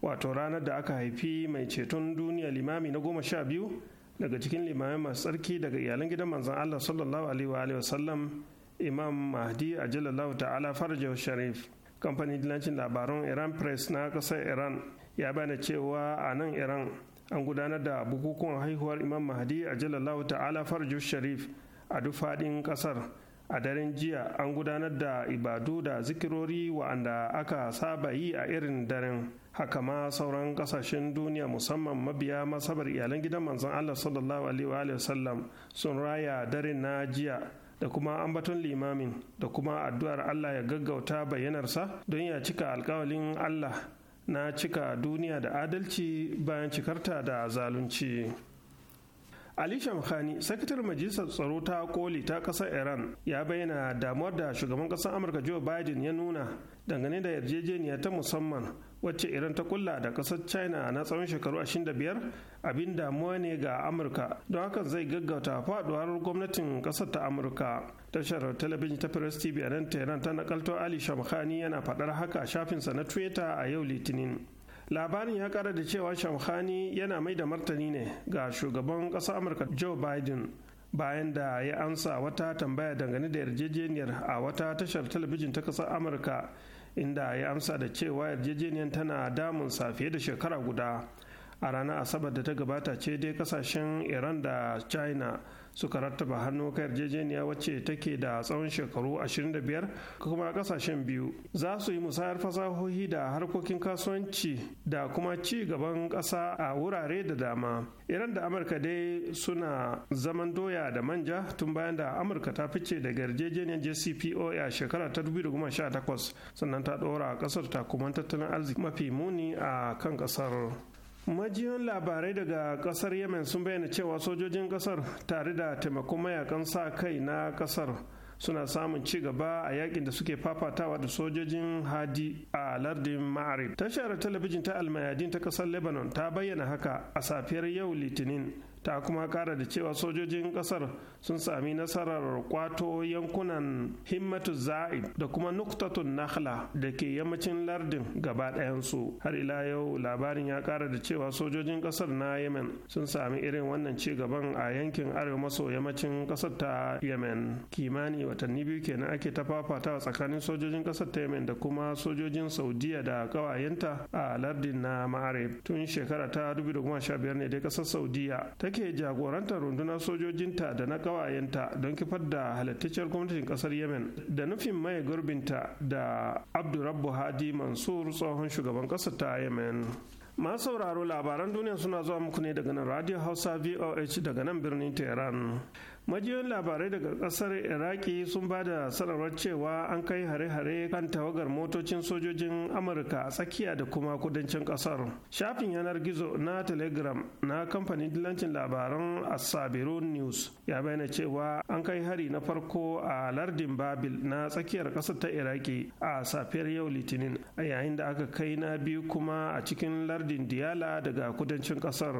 Wato ranar da aka haifi mai ceton duniya limami na goma sha biyu daga cikin Limamin masu tsarki daga iyalan gidan manzan Allah sallallahu alaihi wa sallam Imam Mahdi a ta'ala Farajau Sharif. Kamfanin dilancin labarun Iran Press na ƙasar Iran ya bayyana cewa a nan iran an gudanar da bukukuwan haihuwar imam mahdi a jalallahu ta'ala farju sharif a duk faɗin ƙasar a daren jiya an gudanar da ibadu da zikirori wa'anda aka saba yi a irin daren haka ma sauran ƙasashen duniya musamman mabiya masabar iyalan gidan manzon Allah sallallahu alaihi wa sun raya daren na jiya da kuma ambaton limamin da kuma addu'ar Allah ya gaggauta bayyanarsa don ya cika alkawalin Allah na cika duniya da adalci bayan cikarta da zalunci. Ali Shamkhani, sakitar majalisar tsaro ta koli ta ƙasar Iran ya bayyana damuwar da shugaban ƙasar Amurka Joe Biden ya nuna dangane da yarjejeniya ta musamman wacce Iran ta kulla da ƙasar China na tsawon shekaru 25 abin damuwa ne ga Amurka don hakan zai gaggauta faɗuwar gwamnatin ƙasar ta Amurka. tashar talabijin ta press tv a nan tehran ta nakalto ali shamkhani yana faɗar haka a shafinsa na twitter a yau litinin labarin ya kara da cewa shamkhani yana mai da martani ne ga shugaban ƙasar amurka joe biden bayan da ya ansa wata tambaya dangane da yarjejeniyar a wata tashar talabijin ta ƙasar amurka inda ya amsa da cewa yarjejeniyar tana damun sa fiye da shekara guda a ranar asabar da ta gabata ce dai kasashen iran da china suka rattaba hannu ka yarjejeniya wacce take da tsawon shekaru 25 kuma kasashen biyu za su yi musayar fasahohi da harkokin kasuwanci da kuma ci gaban ƙasa a wurare da dama iran da amurka dai suna zaman doya da manja tun bayan da amurka ta fice daga yarjejeniyar jcpoa a shekara ta 2018 sannan ta ɗora ƙasar kuma tattalin arziki mafi muni a kan ƙasar majiyoyin labarai daga kasar yemen sun bayyana cewa sojojin kasar tare da taimakon mayakan sa kai na kasar suna samun ci gaba a yakin da suke fafatawa da sojojin hadi a lardin ma'arib tashar talabijin ta almayadin ta kasar lebanon ta bayyana haka a safiyar yau litinin ta kuma kara da cewa sojojin kasar sun sami nasarar kwato yankunan himmatu za'id da kuma nuktatun nahla da ke yammacin lardin gaba ɗayansu har ila yau labarin ya kara da cewa sojojin kasar na yemen sun sami irin wannan ci gaban a yankin arewa maso yammacin kasar ta yemen kimani watanni biyu kenan ake ta fafatawa tsakanin sojojin kasar ta yemen da kuma sojojin saudiya da kawayenta a lardin na ma'arib tun shekara ta 2015 ne dai kasar saudiya take take jagorantar rundunar sojojinta da na ƙawayenta don kifar da halittacciyar gwamnatin ƙasar yemen da nufin maye gurbinta da Abdurrabbu hadi mansur tsohon shugaban ƙasar ta yemen masu sauraro labaran duniya suna zuwa muku ne daga nan radio hausa voh daga nan birnin tehran majiyoyin labarai daga kasar iraki sun ba da sanarwar cewa an kai hare-hare kan tawagar motocin sojojin amurka a tsakiya da kuma kudancin kasar shafin yanar gizo na telegram na kamfanin dilancin labaran asabiru news ya bayyana cewa an kai hari na farko a lardin babil na tsakiyar kasar ta iraki a safiyar yau litinin a yayin da aka kai na biyu kuma a cikin lardin diyala daga kudancin kasar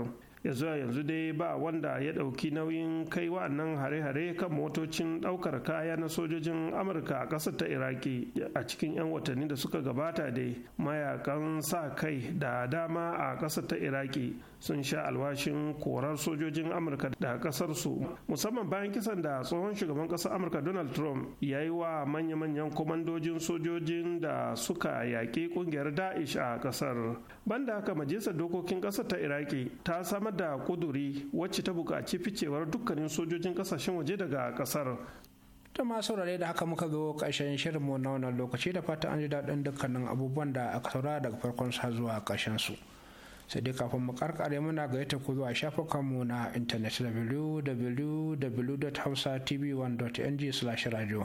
ya zuwa yanzu dai ba wanda ya ɗauki nauyin kai wa'annan hare-hare kan motocin ɗaukar kaya na sojojin amurka a ƙasar ta iraki a cikin 'yan watanni da suka gabata dai mayakan sa kai da dama a ƙasar ta iraki sun sha alwashin korar sojojin amurka daga ƙasarsu. musamman bayan kisan da tsohon shugaban kasar amurka donald trump ya yi wa manya-manyan kwamandojin sojojin da suka yaƙi ƙungiyar daesh a kasar banda haka majalisar dokokin kasar ta iraki ta samar da kuduri wacce ta buƙaci ficewar dukkanin sojojin kasashen waje daga kasar ta masu saurare da haka muka zo ƙarshen shirinmu na wannan lokaci da fata an ji daɗin dukkanin abubuwan da aka saura daga farkon sa zuwa ƙarshen su. sai dai kafin mu karkare muna gayyata ku zuwa mu na intanet www.hausatv1.ng/radio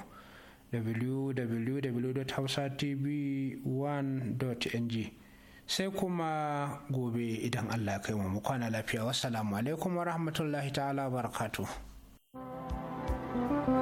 www.hausatv1.ng sai kuma gobe idan Allah kai mu kwana lafiya wassalamu alaikum wa rahmatullahi ta'ala barakatuh